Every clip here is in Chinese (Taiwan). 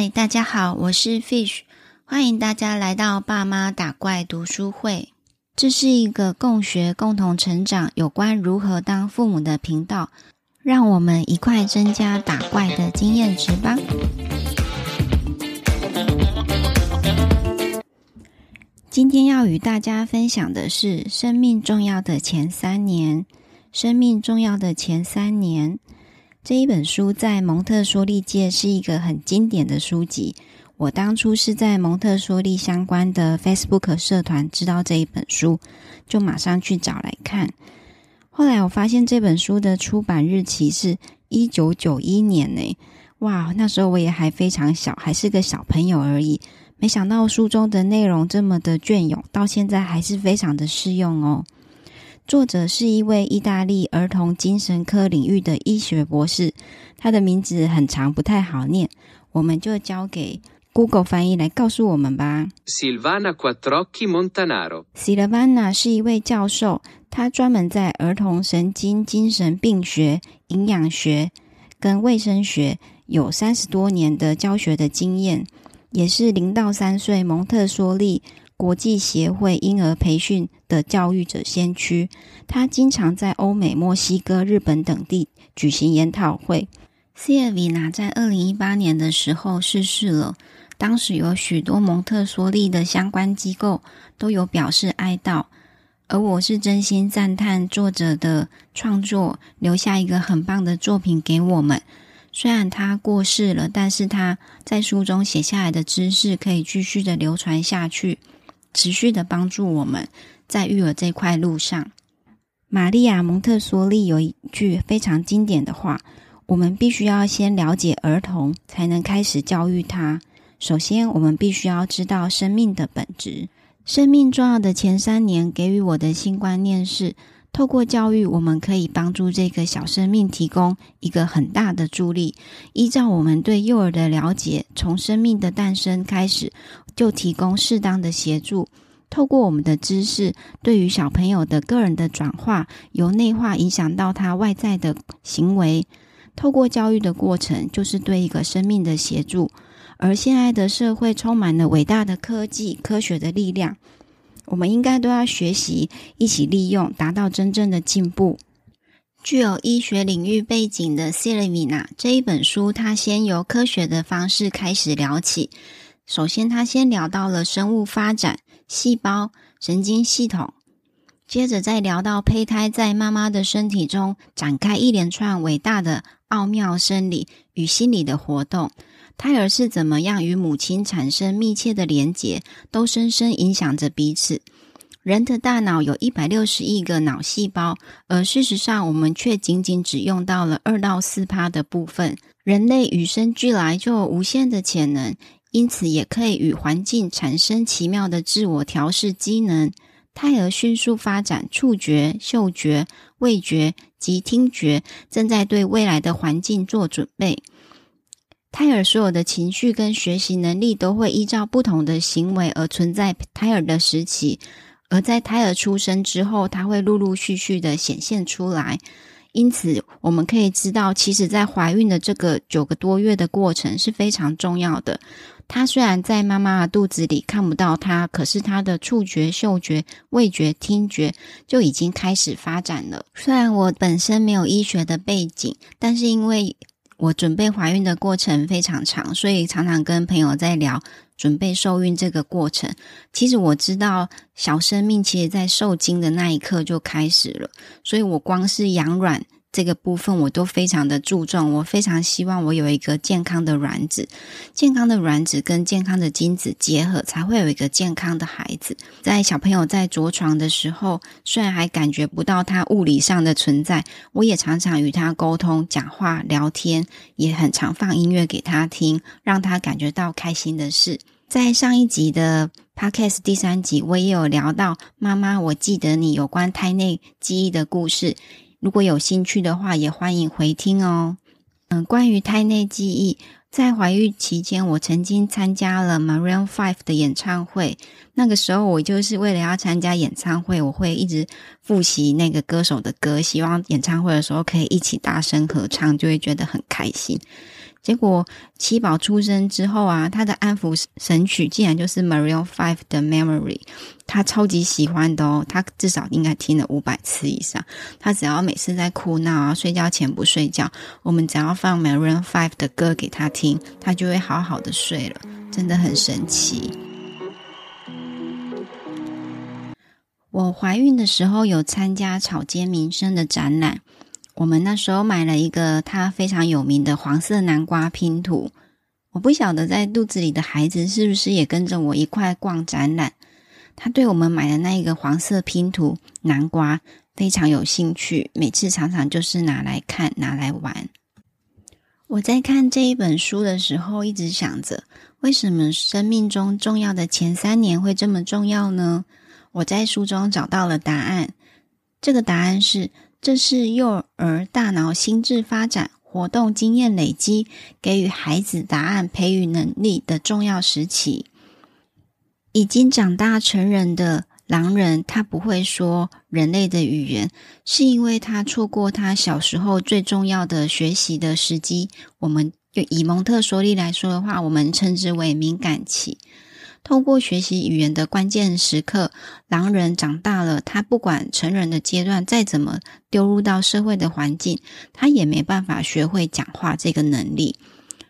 嗨，Hi, 大家好，我是 Fish，歡迎大家來到爸媽打怪讀書會。這是一個共學、共同成長有關如何當父母的頻道，讓我們一塊增加打怪的經驗值吧。今天要與大家分享的是生命重要的前三年，生命重要的前三年。這一本書在蒙特梭利界是一個很經典的書籍。我當初是在蒙特梭利相關的 Facebook 社團知道這一本書，就馬上去找來看。後來我發現這本書的出版日期是一九九一年誒、欸，哇！那時候我也還非常小，還是個小朋友而已。沒想到書中的內容這麼的雋永，到現在還是非常的適用哦。作者是一位意大利兒童精神科領域的醫學博士，他的名字很長，不太好念，我們就交給 Google 翻譯來告訴我們吧。Silvana Quattrocchi Montanaro，Silvana 是一位教授，他專門在兒童神經精神病學、營養學跟衛生學有三十多年的教學的經驗，也是零到三歲蒙特梭利。國際協會嬰兒培訓的教育者先驅，他經常在歐美、墨西哥、日本等地舉行研討會。Silvana 在二零一八年的時候逝世了，當時有許多蒙特梭利的相關機構都有表示哀悼。而我是真心讚歎作者的創作，留下一個很棒的作品給我們。雖然他過世了，但是他在書中寫下來的知識可以繼續的流傳下去。持續的幫助我們，在育兒這塊路上，瑪利亞蒙特梭利有一句非常經典的話：“我們必須要先了解兒童，才能開始教育他。首先，我們必須要知道生命的本質。生命重要的前三年給予我的新觀念是，”透過教育，我們可以幫助這個小生命提供一個很大的助力。依照我們對幼兒的了解，從生命的誕生開始就提供適當的協助。透過我們的知識，對於小朋友的個人的轉化，由內化影響到他外在的行為。透過教育的過程，就是對一個生命的協助。而現在的社會充滿了偉大的科技、科學的力量。我們應該都要學習，一起利用，達到真正的進步。具有醫學領域背景的 Silvana 這一本書，他先由科學的方式開始聊起。首先，他先聊到了生物發展、細胞、神經系統，接着再聊到胚胎在媽媽的身體中展開一連串偉大的奧妙生理與心理的活動。胎兒是怎麼樣與母親產生密切的連結，都深深影響着彼此。人的大腦有一百六十億個腦細胞，而事實上我們卻僅僅只用到了二到四趴的部分。人類與生俱來就有無限的潛能，因此也可以與環境產生奇妙的自我調試機能。胎兒迅速發展觸覺、嗅覺、味覺及聽覺，正在對未來的環境做準備。胎兒所有的情緒跟學習能力都會依照不同的行為而存在胎兒的時期，而在胎兒出生之後，他會陸陸續續的顯現出來。因此，我們可以知道，其實，在懷孕的這個九個多月的過程是非常重要的。他雖然在媽媽的肚子裡看不到他，可是他的觸覺、嗅覺、味覺、聽覺就已經開始發展了。雖然我本身沒有醫學的背景，但是因為。我準備懷孕的過程非常長，所以常常跟朋友在聊準備受孕這個過程。其實我知道，小生命其實在受精的那一刻就開始了，所以我光是養卵。這個部分我都非常的注重，我非常希望我有一個健康的卵子，健康的卵子跟健康的精子結合，才會有一個健康的孩子。在小朋友在着床的時候，雖然還感覺不到他物理上的存在，我也常常與他溝通、講話、聊天，也很常放音樂給他聽，讓他感覺到開心的事。在上一集的 Podcast 第三集，我也有聊到媽媽，我記得你有關胎內記憶的故事。如果有興趣的話，也歡迎回聽哦。嗯，關於胎內記憶，在懷孕期間，我曾經參加了 Maroon 5的演唱會。那個時候，我就是為了要參加演唱會，我會一直複習那個歌手的歌，希望演唱會的時候可以一起大聲合唱，就會覺得很開心。結果七寶出生之後啊，他的安撫神曲竟然就是 Mario Five 的 Memory，他超級喜歡的哦，他至少應該聽了五百次以上。他只要每次在哭鬧啊、睡覺前不睡覺，我們只要放 Mario Five 的歌給他聽，他就會好好的睡了，真的很神奇。我懷孕的時候有參加草間彌生的展覽。我們那時候買了一個他非常有名的黃色南瓜拼圖，我不曉得在肚子裡的孩子是不是也跟着我一塊逛展覽。他對我們買的那一個黃色拼圖南瓜非常有興趣，每次常常就是拿來看、拿來玩。我在看這一本書的時候，一直想着，為什麼生命中重要的前三年會這麼重要呢？我在書中找到了答案，這個答案是。這是幼兒大腦心智發展、活動經驗累積，給予孩子答案、培育能力的重要時期。已經長大成人的狼人，他不會說人類的語言，是因為他錯過他小時候最重要的學習的時機。我們就以蒙特梭利來說的話，我們稱之為敏感期。透過學習語言的關鍵時刻，狼人長大了，他不管成人的階段再怎麼丟入到社會的環境，他也沒辦法學會講話這個能力。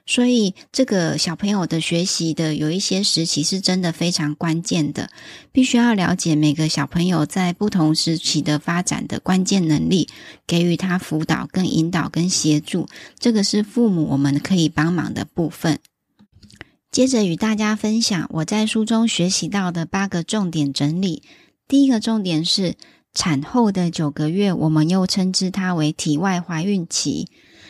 所以，這個小朋友的學習的有一些時期是真的非常關鍵的，必須要了解每個小朋友在不同時期的發展的關鍵能力，給予他輔導、跟引導、跟協助，這個是父母我們可以幫忙的部分。接着與大家分享我在書中學習到的八個重點整理。第一個重點是產後的九個月，我們又稱之它為體外懷孕期。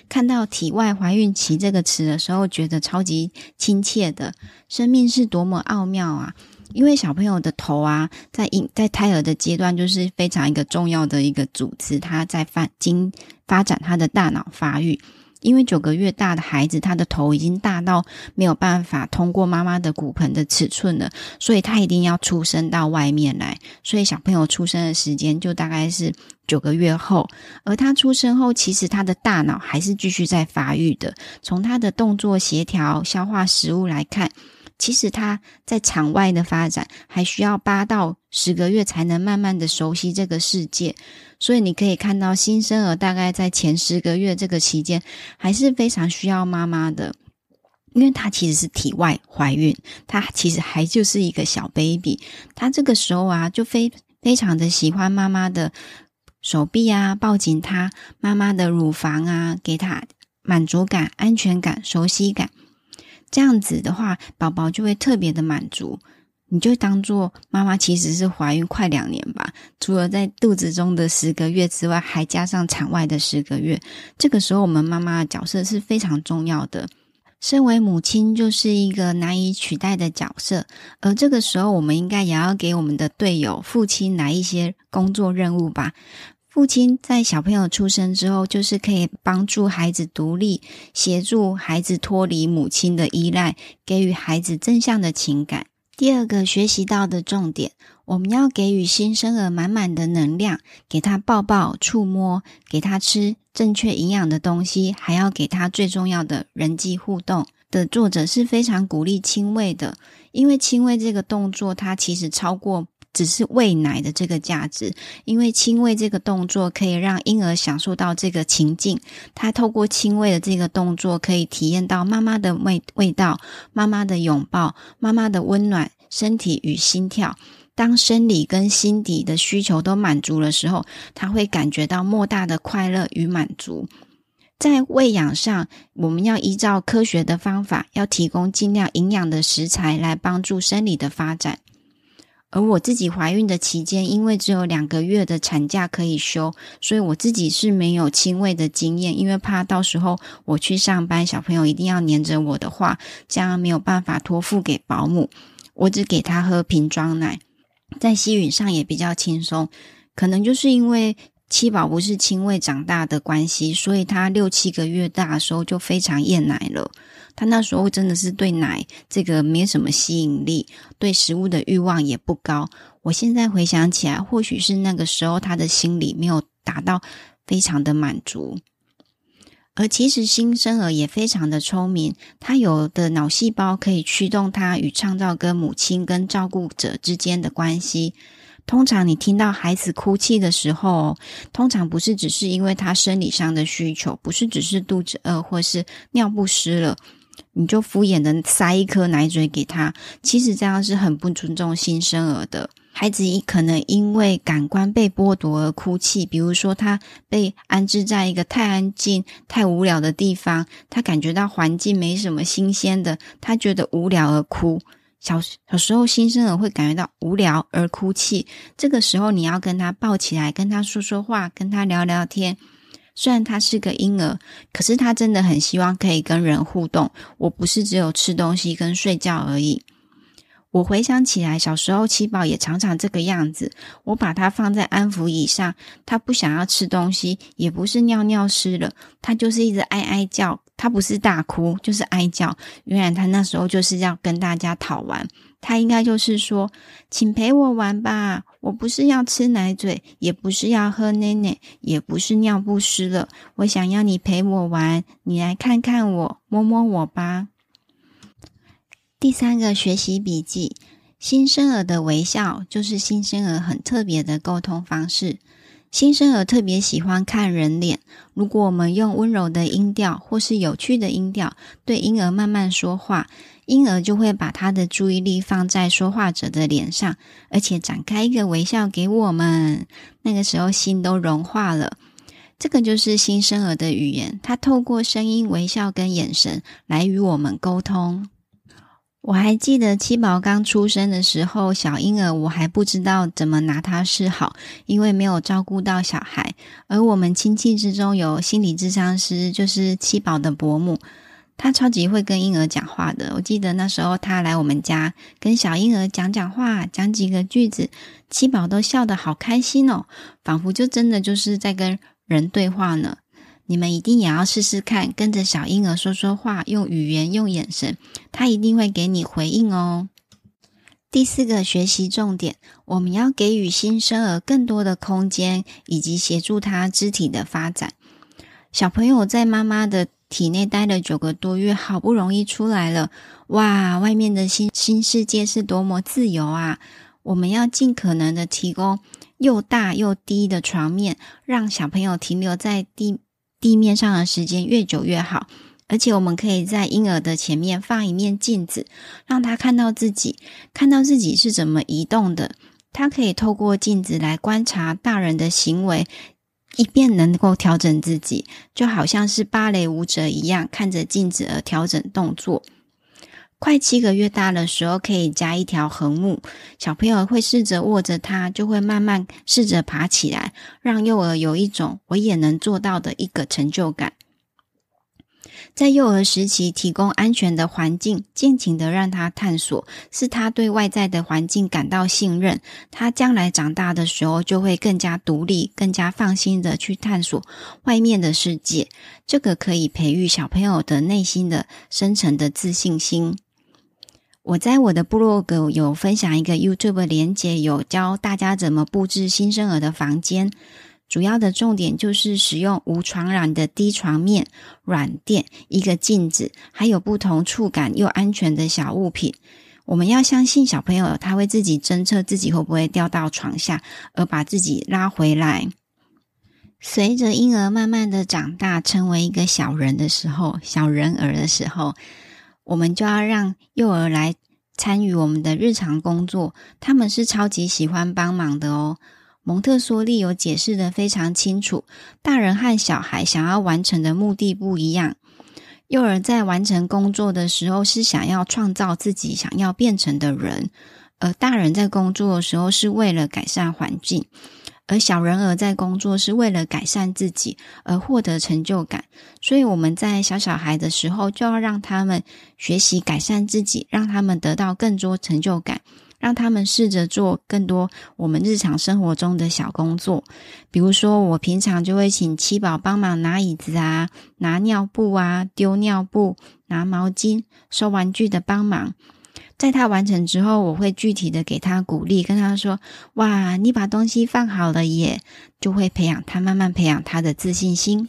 看到“體外懷孕期”這個詞的時候，覺得超級親切的。生命是多麼奧妙啊！因為小朋友的頭啊，在在胎兒的階段就是非常一個重要的一個組織，它在發經發展他的大腦發育。因為九個月大的孩子，他的頭已經大到沒有辦法通過媽媽的骨盆的尺寸了，所以他一定要出生到外面來。所以小朋友出生的時間就大概是九個月後，而他出生後，其實他的大腦還是繼續在發育的。從他的動作協調、消化食物來看。其實他在場外的發展還需要八到十個月才能慢慢的熟悉這個世界，所以你可以看到新生兒大概在前十個月這個期間還是非常需要媽媽的，因為他其實是體外懷孕，他其實還就是一個小 baby，他這個時候啊就非非常的喜歡媽媽的手臂啊，抱緊他，媽媽的乳房啊，給他滿足感、安全感、熟悉感。這樣子的話，寶寶就會特別的滿足。你就當做媽媽其實是懷孕快兩年吧，除了在肚子中的十個月之外，還加上產外的十個月。這個時候，我們媽媽的角色是非常重要的。身為母親，就是一個難以取代的角色。而這個時候，我們應該也要給我們的隊友、父親來一些工作任務吧。父親在小朋友出生之後，就是可以幫助孩子獨立，協助孩子脫離母親的依賴，給予孩子正向的情感。第二個學習到的重點，我們要給予新生兒滿滿的能量，給他抱抱、觸摸，給他吃正確營養的東西，還要給他最重要的人際互動。的作者是非常鼓勵親喂的，因為親喂這個動作，它其實超過。只是餵奶的這個價值，因為親餵這個動作可以讓嬰兒享受到這個情境，他透過親餵的這個動作可以體驗到媽媽的味味道、媽媽的擁抱、媽媽的溫暖、身體與心跳。當生理跟心底的需求都滿足的時候，他會感覺到莫大的快樂與滿足。在餵養上，我們要依照科學的方法，要提供盡量營養的食材來幫助生理的發展。而我自己懷孕的期間，因為只有兩個月的產假可以休，所以我自己是沒有親餵的經驗。因為怕到時候我去上班，小朋友一定要黏着我的話，這樣沒有辦法託付給保姆。我只給他喝瓶裝奶，在吸吮上也比較輕鬆。可能就是因為七寶不是親餵長大的關係，所以他六七個月大的時候就非常厭奶了。他那時候真的是對奶這個沒什麼吸引力，對食物的慾望也不高。我現在回想起來，或許是那個時候他的心理沒有達到非常的滿足。而其實新生兒也非常的聰明，他有的腦細胞可以驅動他與創造跟母親跟照顧者之間的關係。通常你聽到孩子哭泣的時候，通常不是只是因為他生理上的需求，不是只是肚子餓或是尿布濕了。你就敷衍的塞一顆奶嘴給他，其實這樣是很不尊重新生兒的。孩子可能因為感官被剝奪而哭泣，比如說他被安置在一個太安靜、太無聊的地方，他感覺到環境沒什麼新鮮的，他覺得無聊而哭。小小時候新生兒會感覺到無聊而哭泣，這個時候你要跟他抱起來，跟他說說話，跟他聊聊天。雖然他是個嬰兒，可是他真的很希望可以跟人互動。我不是只有吃東西跟睡覺而已。我回想起來，小時候七寶也常常這個樣子。我把他放在安撫椅上，他不想要吃東西，也不是尿尿濕了，他就是一直哀哀叫。他不是大哭，就是哀叫。原來他那時候就是要跟大家討玩。他應該就是說：“請陪我玩吧。”我不是要吃奶嘴，也不是要喝奶奶，也不是尿布濕了。我想要你陪我玩，你來看看我，摸摸我吧。第三個學習筆記：新生兒的微笑就是新生兒很特別的溝通方式。新生兒特別喜歡看人臉。如果我們用溫柔的音調或是有趣的音調對嬰兒慢慢說話，嬰兒就會把他的注意力放在說話者的臉上，而且展開一個微笑給我們。那個時候心都融化了。這個就是新生兒的語言，他透過聲音、微笑跟眼神來與我們溝通。我還記得七寶剛出生的時候，小嬰兒我還不知道怎麼拿他示好，因為沒有照顧到小孩。而我們親戚之中有心理諮商師，就是七寶的伯母，她超級會跟嬰兒講話的。我記得那時候她來我們家，跟小嬰兒講講話，講幾個句子，七寶都笑得好開心哦，仿佛就真的就是在跟人對話呢。你們一定也要試試看，跟着小嬰兒說說話，用語言、用眼神，他一定會給你回應哦。第四個學習重點，我們要給予新生兒更多的空間，以及協助他肢體的發展。小朋友在媽媽的體內待了九個多月，好不容易出來了，哇！外面的新新世界是多麼自由啊！我們要盡可能的提供又大又低的床面，讓小朋友停留在地。地面上的時間越久越好，而且我們可以在嬰兒的前面放一面鏡子，讓他看到自己，看到自己是怎麼移動的。他可以透過鏡子來觀察大人的行為，以便能夠調整自己，就好像是芭蕾舞者一樣，看着鏡子而調整動作。快七個月大的時候，可以加一條橫木，小朋友會試着握着它，就會慢慢試着爬起來，讓幼兒有一種我也能做到的一個成就感。在幼兒時期提供安全的環境，盡情的讓他探索，是他對外在的環境感到信任，他將來長大的時候就會更加獨立、更加放心的去探索外面的世界。這個可以培育小朋友的內心的深層的自信心。我在我的部落格有分享一個 YouTube 連結，有教大家怎麼布置新生兒的房間。主要的重點就是使用無床欄的低床面軟墊，一個鏡子，還有不同觸感又安全的小物品。我們要相信小朋友，他會自己偵測自己會不會掉到床下，而把自己拉回來。隨着嬰兒慢慢的長大，成為一個小人的時候，小人兒的時候。我們就要讓幼兒來參與我們的日常工作，他們是超級喜歡幫忙的哦。蒙特梭利有解釋得非常清楚，大人和小孩想要完成的目的不一樣。幼兒在完成工作的時候是想要創造自己想要變成的人，而大人在工作的時候是為了改善環境。而小人兒在工作是為了改善自己而獲得成就感，所以我們在小小孩的時候就要讓他們學習改善自己，讓他們得到更多成就感，讓他們試着做更多我們日常生活中的小工作，比如說我平常就會請七寶幫忙拿椅子啊、拿尿布啊、丟尿布、拿毛巾、收玩具的幫忙。在他完成之後，我會具體的給他鼓勵，跟他說：“哇，你把東西放好了耶！”就會培養他，慢慢培養他的自信心。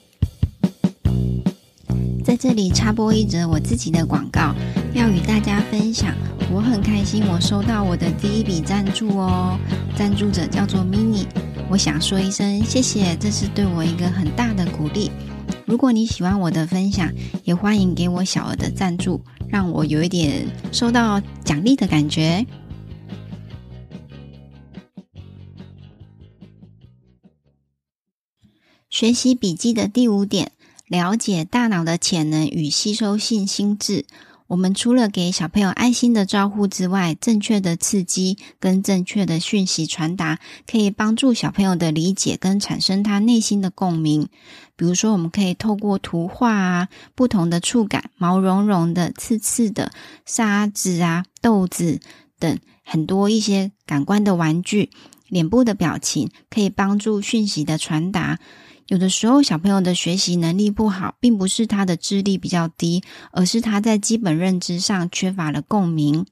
在這裡插播一則我自己的廣告，要與大家分享。我很開心，我收到我的第一筆贊助哦！贊助者叫做 Mini，我想說一聲謝謝，這是對我一個很大的鼓勵。如果你喜歡我的分享，也歡迎給我小額的贊助。讓我有一點受到獎勵的感覺。學習筆記的第五點：了解大腦的潛能與吸收性心智。我們除了給小朋友愛心的招呼之外，正確的刺激跟正確的訊息傳達，可以幫助小朋友的理解跟產生他內心的共鳴。比如說，我們可以透過圖畫啊，不同的觸感，毛茸茸的、刺刺的、沙子啊、豆子等很多一些感官的玩具，臉部的表情，可以幫助訊息的傳達。有的時候，小朋友的學習能力不好，並不是他的智力比較低，而是他在基本認知上缺乏了共鳴。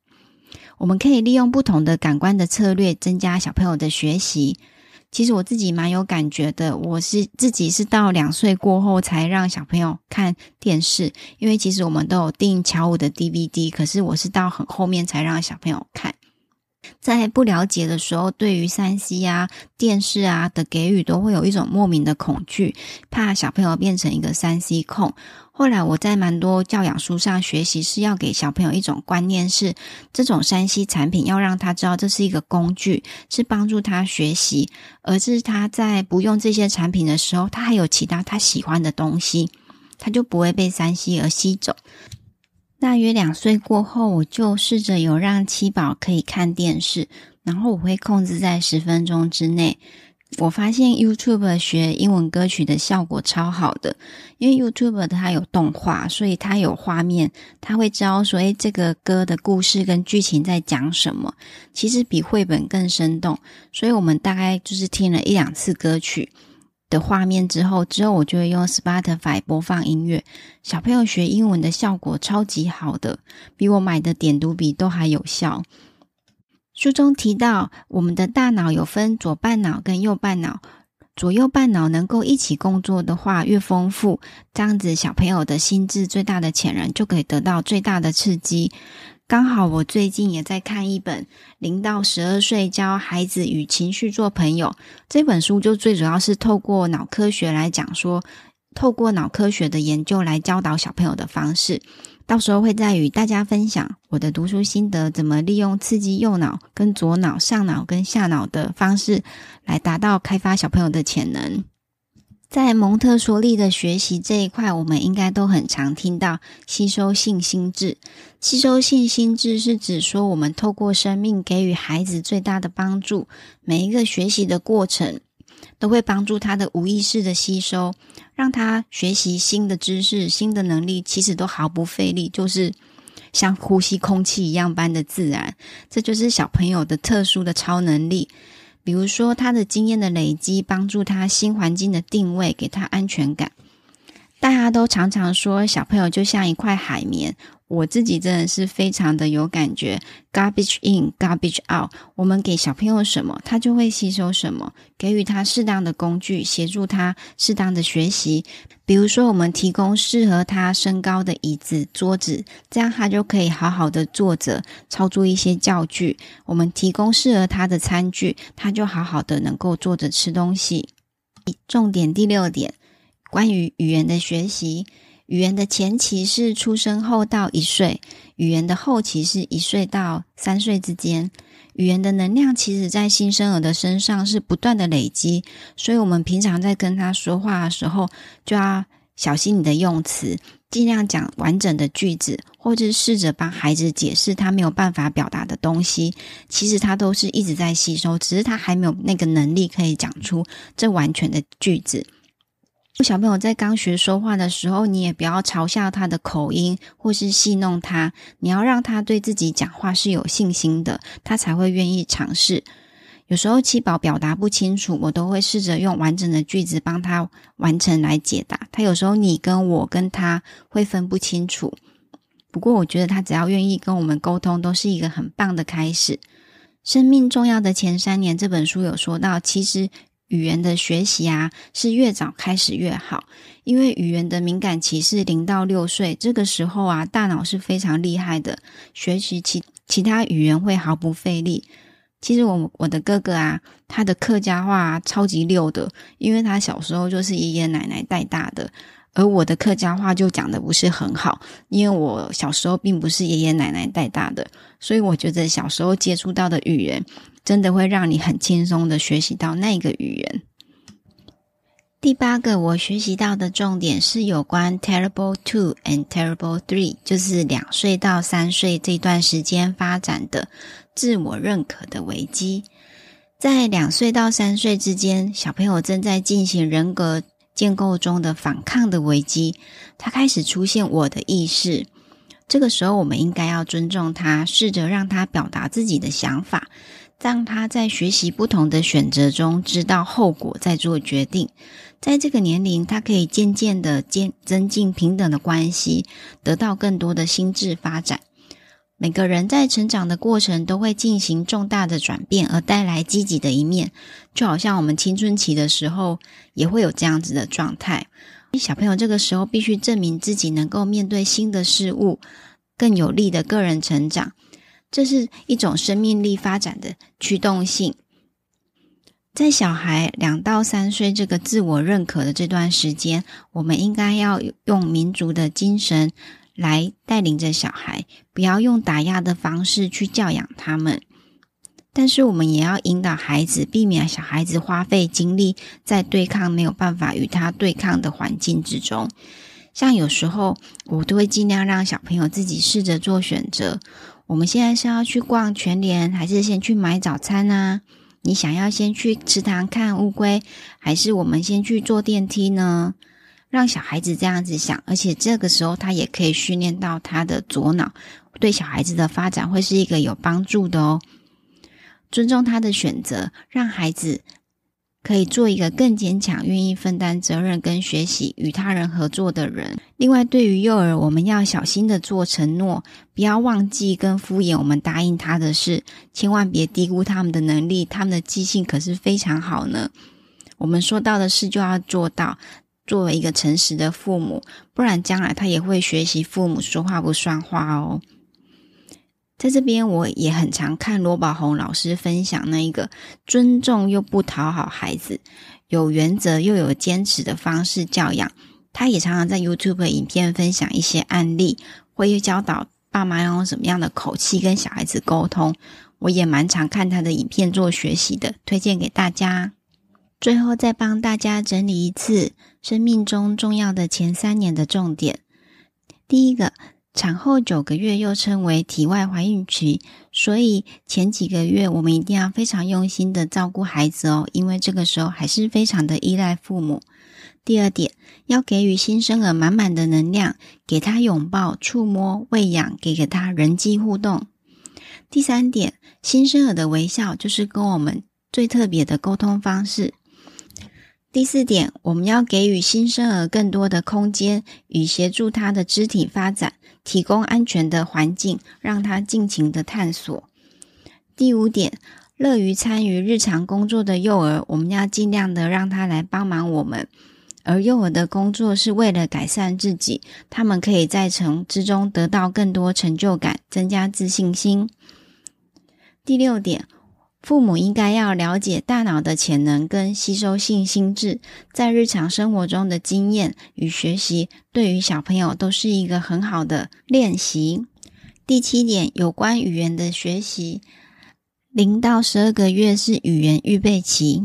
我們可以利用不同的感官的策略，增加小朋友的學習。其實我自己蠻有感覺的，我是自己是到兩歲過後才讓小朋友看電視，因為其實我們都有訂巧虎的 DVD，可是我是到很後面才讓小朋友看。在不了解的時候，對於三 C 啊、電視啊的給予，都會有一種莫名的恐懼，怕小朋友變成一個三 C 控。後來我在蠻多教養書上學習，是要給小朋友一種觀念是，是這種三 C 產品要讓他知道，這是一個工具，是幫助他學習，而是他在不用這些產品的時候，他還有其他他喜歡的東西，他就不會被三 C 而吸走。大約兩歲過後，我就試着有讓七寶可以看電視，然後我會控制在十分鐘之內。我發現 YouTube 學英文歌曲的效果超好的，因為 YouTube 它有動畫，所以它有畫面，他會知道說，誒，這個歌的故事跟劇情在講什麼，其實比繪本更生動。所以我們大概就是聽了一兩次歌曲。的畫面之後，之後我就會用 Spotify 播放音樂。小朋友學英文的效果超級好的，比我買的點讀筆都還有效。書中提到，我們的大腦有分左半腦跟右半腦，左右半腦能夠一起工作的話，越豐富，這樣子小朋友的心智最大的潛能就可以得到最大的刺激。剛好我最近也在看一本《零到十二歲教孩子與情緒做朋友》這本書，就最主要是透過腦科學來講說，說透過腦科學的研究來教導小朋友的方式。到時候會再與大家分享我的讀書心得，怎麼利用刺激右腦跟左腦、上腦跟下腦的方式，來達到開發小朋友的潛能。在蒙特梭利的學習這一塊，我們應該都很常聽到“吸收性心智”。吸收性心智是指說，我們透過生命給予孩子最大的幫助，每一個學習的過程都會幫助他的無意識的吸收，讓他學習新的知識、新的能力，其實都毫不費力，就是像呼吸空氣一樣般的自然。這就是小朋友的特殊的超能力。比如說，他的經驗的累積幫助他新環境的定位，給他安全感。大家都常常說，小朋友就像一塊海綿。我自己真的是非常的有感覺，garbage in, garbage out。我們給小朋友什麼，他就會吸收什麼。給予他適當的工具，協助他適當的學習。比如說，我們提供適合他身高的椅子、桌子，這樣他就可以好好的坐着操作一些教具。我們提供適合他的餐具，他就好好的能夠坐着吃東西。重點第六點，關於語言的學習。語言的前期是出生後到一歲，語言的後期是一歲到三歲之間。語言的能量其實，在新生兒的身上是不斷的累積，所以，我們平常在跟他說話的時候，就要小心你的用詞，盡量講完整的句子，或者試着幫孩子解釋他沒有辦法表達的東西。其實，他都是一直在吸收，只是他還沒有那個能力可以講出這完全的句子。小朋友在剛學說話的時候，你也不要嘲笑他的口音或是戲弄他，你要讓他對自己講話是有信心的，他才會願意嘗試。有時候七寶表達不清楚，我都會試着用完整的句子幫他完成來解答。他有時候你跟我跟他會分不清楚，不過我覺得他只要願意跟我們溝通，都是一個很棒的開始。《生命重要的前三年》這本書有說到，其實。語言的學習啊，是越早開始越好，因為語言的敏感期是零到六歲，這個時候啊，大腦是非常厲害的，學習其其他語言會毫不費力。其實我我的哥哥啊，他的客家話啊，超級溜的，因為他小時候就是爺爺奶奶帶大的。而我的客家話就講得不是很好，因為我小時候並不是爺爺奶奶帶大的，所以我覺得小時候接觸到的語言，真的會讓你很輕鬆的學習到那個語言。第八個我學習到的重點是有關 Terrible Two and Terrible Three，就是兩歲到三歲這段時間發展的自我認可的危機。在兩歲到三歲之間，小朋友正在進行人格。建構中的反抗的危機，他開始出現我的意識。這個時候，我們應該要尊重他，試着讓他表達自己的想法，讓他在學習不同的選擇中知道後果，再做決定。在這個年齡，他可以漸漸的漸增進平等的關係，得到更多的心智發展。每個人在成長的過程都會進行重大的轉變，而帶來積極的一面。就好像我們青春期的時候，也會有這樣子的狀態。小朋友這個時候必須證明自己能夠面對新的事物，更有力的個人成長，這是一種生命力發展的驅動性。在小孩兩到三歲這個自我認可的這段時間，我們應該要用民族的精神。來帶領着小孩，不要用打壓的方式去教養他們。但是我們也要引導孩子，避免小孩子花費精力在對抗沒有辦法與他對抗的環境之中。像有時候，我都會儘量讓小朋友自己試着做選擇。我們現在是要去逛全聯，還是先去買早餐呢？啊，你想要先去池塘看烏龜，還是我們先去坐電梯呢？讓小孩子這樣子想，而且這個時候他也可以訓練到他的左腦，對小孩子的發展會是一個有幫助的哦。尊重他的選擇，讓孩子可以做一個更堅強、願意分擔責任、跟學習與他人合作的人。另外，對於幼兒，我們要小心地做承諾，不要忘記跟敷衍我們答應他的事。千萬別低估他們的能力，他們的記性可是非常好呢。我們說到的事就要做到。作為一個誠實的父母，不然將來他也會學習父母說話不算話哦。在這邊我也很常看羅寶鴻老師分享那一個尊重又不討好孩子，有原則又有堅持的方式教養。他也常常在 YouTube 影片分享一些案例，會教導爸媽用什麼樣的口氣跟小孩子溝通。我也蠻常看他的影片做學習的，推薦給大家。最後再幫大家整理一次。生命中重要的前三年的重點，第一個，產後九個月又稱為體外懷孕期，所以前幾個月我們一定要非常用心的照顧孩子哦，因為這個時候還是非常的依賴父母。第二點，要給予新生兒滿滿的能量，給他擁抱、觸摸、餵養，給給他人際互動。第三點，新生兒的微笑就是跟我們最特別的溝通方式。第四點，我們要給予新生兒更多的空間，與協助他的肢體發展，提供安全的環境，讓他盡情的探索。第五點，樂於參與日常工作的幼兒，我們要盡量的讓他來幫忙我們，而幼兒的工作是為了改善自己，他們可以在城之中得到更多成就感，增加自信心。第六點。父母應該要了解大腦的潛能跟吸收性心智，在日常生活中的經驗與學習，對於小朋友都是一個很好的練習。第七點，有關語言的學習，零到十二個月是語言預備期，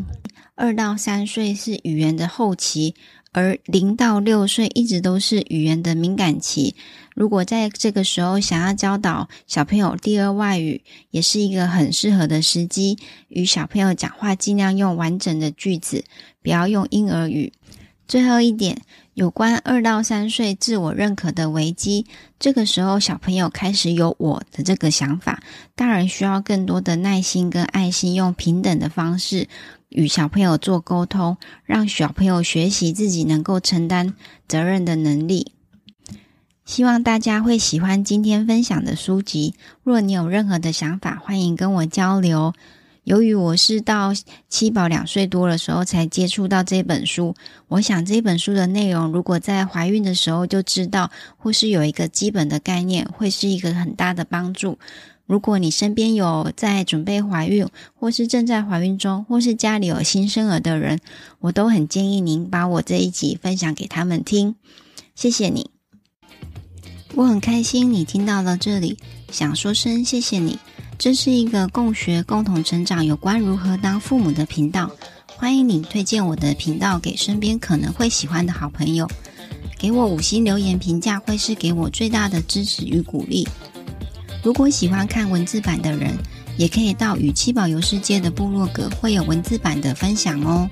二到三歲是語言的後期。而零到六歲一直都是語言的敏感期，如果在這個時候想要教導小朋友第二外語，也是一個很適合的時機。與小朋友講話盡量用完整的句子，不要用嬰兒語。最後一點，有關二到三歲自我認可的危機，這個時候小朋友開始有“我的”這個想法，當然需要更多的耐心跟愛心，用平等的方式，與小朋友做溝通，讓小朋友學習自己能夠承擔責任的能力。希望大家會喜歡今天分享的書籍。如果你有任何的想法，歡迎跟我交流。由於我是到七寶兩歲多的時候才接觸到這本書，我想這本書的內容，如果在懷孕的時候就知道，或是有一個基本的概念，會是一個很大的幫助。如果你身邊有在準備懷孕，或是正在懷孕中，或是家裡有新生兒的人，我都很建議您把我這一集分享給他們聽。謝謝你，我很開心你聽到了這裡，想說聲謝謝你。這是一個共學、共同成長有關如何當父母的頻道，歡迎你推薦我的頻道給身邊可能會喜歡的好朋友，給我五星留言評價會是給我最大的支持與鼓勵。如果喜歡看文字版的人，也可以到與七寶遊世界的部落格，會有文字版的分享哦。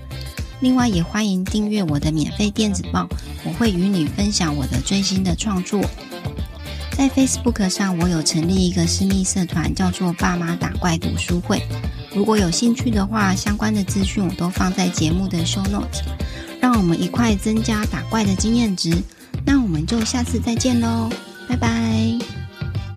另外，也歡迎訂閱我的免費電子報，我會與你分享我的最新的創作。在 Facebook 上，我有成立一個私密社團，叫做爸媽打怪讀書會。如果有興趣的話，相關的資訊我都放在節目的 Show Notes。讓我們一塊增加打怪的經驗值。那我們就下次再見嘍，拜拜。